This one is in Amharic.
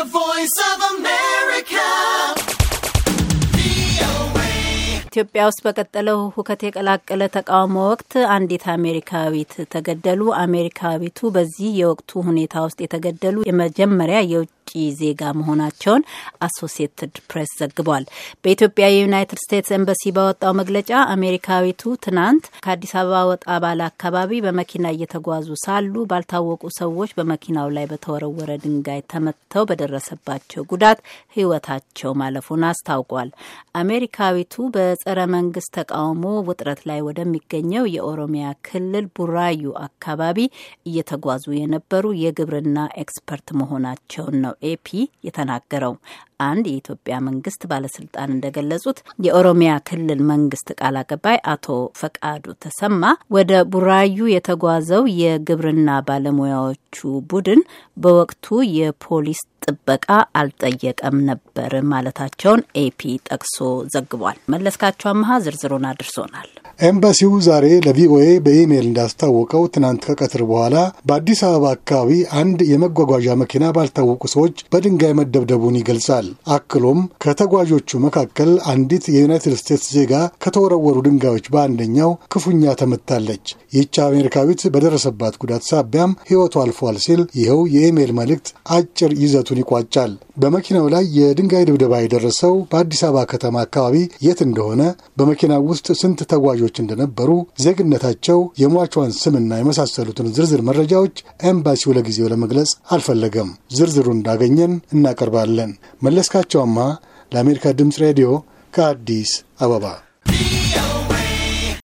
The Voice of America. ኢትዮጵያ ውስጥ በቀጠለው ሁከት የቀላቀለ ተቃውሞ ወቅት አንዲት አሜሪካዊት ተገደሉ። አሜሪካዊቱ በዚህ የወቅቱ ሁኔታ ውስጥ የተገደሉ የመጀመሪያ የውጭ የውጭ ዜጋ መሆናቸውን አሶሲየትድ ፕሬስ ዘግቧል። በኢትዮጵያ የዩናይትድ ስቴትስ ኤምባሲ ባወጣው መግለጫ አሜሪካዊቱ ትናንት ከአዲስ አበባ ወጣ ባለ አካባቢ በመኪና እየተጓዙ ሳሉ ባልታወቁ ሰዎች በመኪናው ላይ በተወረወረ ድንጋይ ተመተው በደረሰባቸው ጉዳት ሕይወታቸው ማለፉን አስታውቋል። አሜሪካዊቱ በጸረ መንግስት ተቃውሞ ውጥረት ላይ ወደሚገኘው የኦሮሚያ ክልል ቡራዩ አካባቢ እየተጓዙ የነበሩ የግብርና ኤክስፐርት መሆናቸውን ነው ኤፒ የተናገረው። አንድ የኢትዮጵያ መንግስት ባለስልጣን እንደገለጹት የኦሮሚያ ክልል መንግስት ቃል አቀባይ አቶ ፈቃዱ ተሰማ ወደ ቡራዩ የተጓዘው የግብርና ባለሙያዎቹ ቡድን በወቅቱ የፖሊስ ጥበቃ አልጠየቀም ነበር ማለታቸውን ኤፒ ጠቅሶ ዘግቧል። መለስካቸው አመሀ ዝርዝሩን አድርሶናል። ኤምባሲው ዛሬ ለቪኦኤ በኢሜይል እንዳስታወቀው ትናንት ከቀትር በኋላ በአዲስ አበባ አካባቢ አንድ የመጓጓዣ መኪና ባልታወቁ ሰዎች በድንጋይ መደብደቡን ይገልጻል። አክሎም ከተጓዦቹ መካከል አንዲት የዩናይትድ ስቴትስ ዜጋ ከተወረወሩ ድንጋዮች በአንደኛው ክፉኛ ተመታለች። ይህች አሜሪካዊት በደረሰባት ጉዳት ሳቢያም ሕይወቱ አልፏል ሲል ይኸው የኢሜይል መልእክት አጭር ይዘቱን ሀሳቡን ይቋጫል። በመኪናው ላይ የድንጋይ ድብደባ የደረሰው በአዲስ አበባ ከተማ አካባቢ የት እንደሆነ፣ በመኪናው ውስጥ ስንት ተጓዦች እንደነበሩ፣ ዜግነታቸው፣ የሟቿን ስምና የመሳሰሉትን ዝርዝር መረጃዎች ኤምባሲው ለጊዜው ለመግለጽ አልፈለገም። ዝርዝሩ እንዳገኘን እናቀርባለን። መለስካቸውማ ለአሜሪካ ድምፅ ሬዲዮ ከአዲስ አበባ